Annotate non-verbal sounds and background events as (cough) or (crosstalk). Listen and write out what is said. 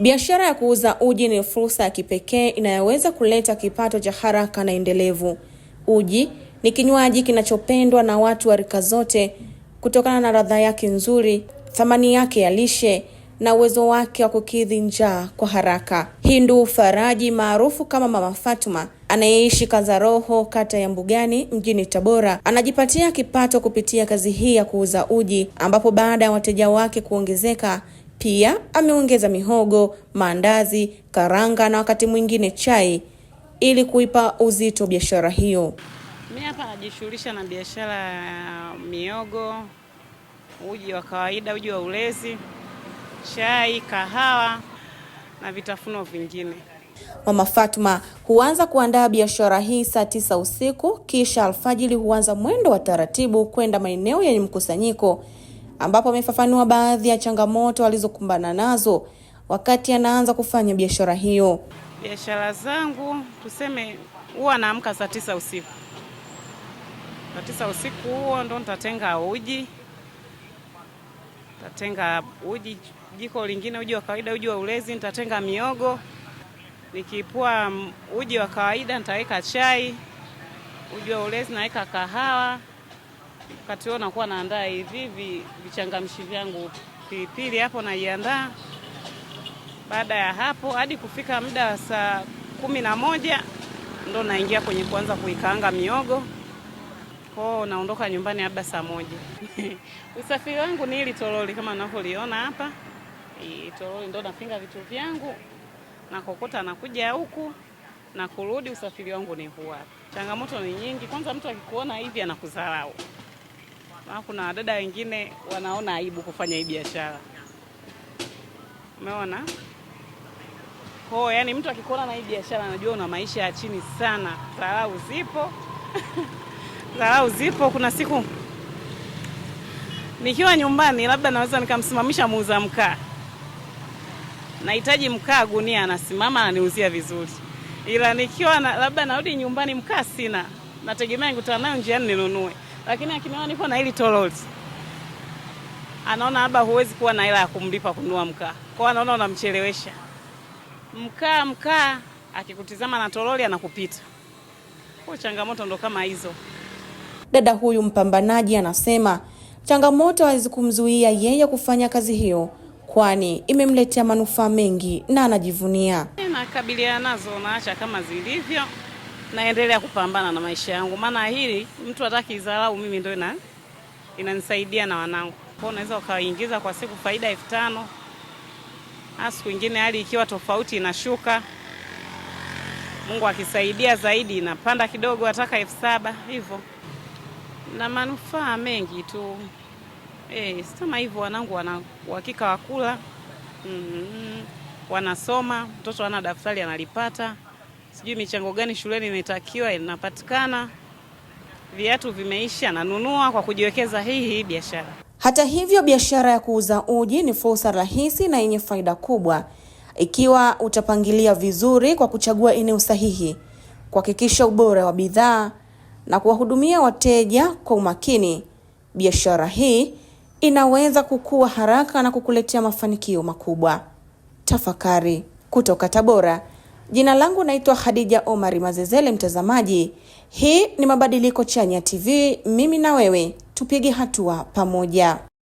Biashara ya kuuza uji ni fursa ya kipekee inayoweza kuleta kipato cha haraka na endelevu. Uji ni kinywaji kinachopendwa na watu wa rika zote kutokana na ladha yake nzuri, thamani yake ya lishe na uwezo wake wa kukidhi njaa kwa haraka. Hindu Faraji maarufu kama Mama Fatuma anayeishi Kazaroho kata ya Mbugani mjini Tabora anajipatia kipato kupitia kazi hii ya kuuza uji ambapo baada ya wateja wake kuongezeka pia ameongeza mihogo, maandazi, karanga na wakati mwingine chai ili kuipa uzito biashara hiyo. Mimi hapa najishughulisha na biashara ya miogo, uji wa kawaida, uji wa ulezi, chai, kahawa na vitafuno vingine. Mama Fatma huanza kuandaa biashara hii saa tisa usiku kisha alfajili huanza mwendo wa taratibu kwenda maeneo yenye mkusanyiko ambapo amefafanua baadhi ya changamoto alizokumbana nazo wakati anaanza kufanya biashara hiyo. Biashara zangu tuseme, huwa naamka saa tisa usiku. Saa tisa usiku huo ndo nitatenga uji, ntatenga uji jiko lingine, uji wa kawaida, uji wa ulezi, nitatenga miogo. nikipua uji wa kawaida, nitaweka chai. Uji wa ulezi naweka kahawa wakati huo nakuwa naandaa hivi vichangamshi vyangu, pilipili hapo naiandaa. Baada ya hapo hadi kufika muda wa saa kumi na moja ndo naingia kwenye kuanza kuikaanga miogo kwao, naondoka nyumbani labda saa moja. (laughs) Usafiri wangu ni hili toroli kama navyoliona hapa, toroli ndo napinga vitu vyangu nakokota, nakuja huku na kurudi. Usafiri wangu ni huu hapa. Changamoto ni nyingi, kwanza mtu akikuona hivi anakudharau maana ah, kuna wadada wengine wanaona aibu kufanya hii biashara, umeona ko, yani mtu akikuona na hii biashara anajua una maisha ya chini sana. Dharau zipo (laughs) dharau zipo. Kuna siku nikiwa nyumbani, labda naweza nikamsimamisha muuza mkaa, nahitaji mkaa gunia, anasimama ananiuzia vizuri, ila nikiwa na, labda narudi nyumbani mkaa sina, nategemea nikutana nayo njiani ninunue lakini akiniona niko na hili tolls anaona labda huwezi kuwa na hela ya kumlipa kununua mkaa, kwa anaona unamchelewesha mkaa mkaa, akikutizama na toroli anakupita. Kwa changamoto ndo kama hizo. Dada huyu mpambanaji anasema changamoto hazikumzuia yeye kufanya kazi hiyo, kwani imemletea manufaa mengi na anajivunia. Nakabiliana nazo, naacha kama zilivyo naendelea kupambana na maisha yangu, maana hili mtu hataki dharau, mimi ndio ina inanisaidia na wanangu. Kwa unaweza ukaingiza kwa siku faida elfu tano na siku ingine hali ikiwa tofauti inashuka, Mungu akisaidia zaidi inapanda kidogo, ataka elfu saba hivyo, na manufaa mengi tu. E, kama hivyo wanangu wana uhakika wakula, mm, mm-hmm. wanasoma, mtoto ana daftari analipata sijui michango gani shuleni imetakiwa inapatikana. Viatu vimeisha, nanunua kwa kujiwekeza hii hii biashara. Hata hivyo, biashara ya kuuza uji ni fursa rahisi na yenye faida kubwa ikiwa utapangilia vizuri kwa kuchagua eneo sahihi, kuhakikisha ubora wa bidhaa na kuwahudumia wateja kwa umakini. Biashara hii inaweza kukua haraka na kukuletea mafanikio makubwa. Tafakari kutoka Tabora. Jina langu naitwa Khadija Omari Mazezele. Mtazamaji, hii ni Mabadiliko Chanya TV. Mimi na wewe tupige hatua pamoja.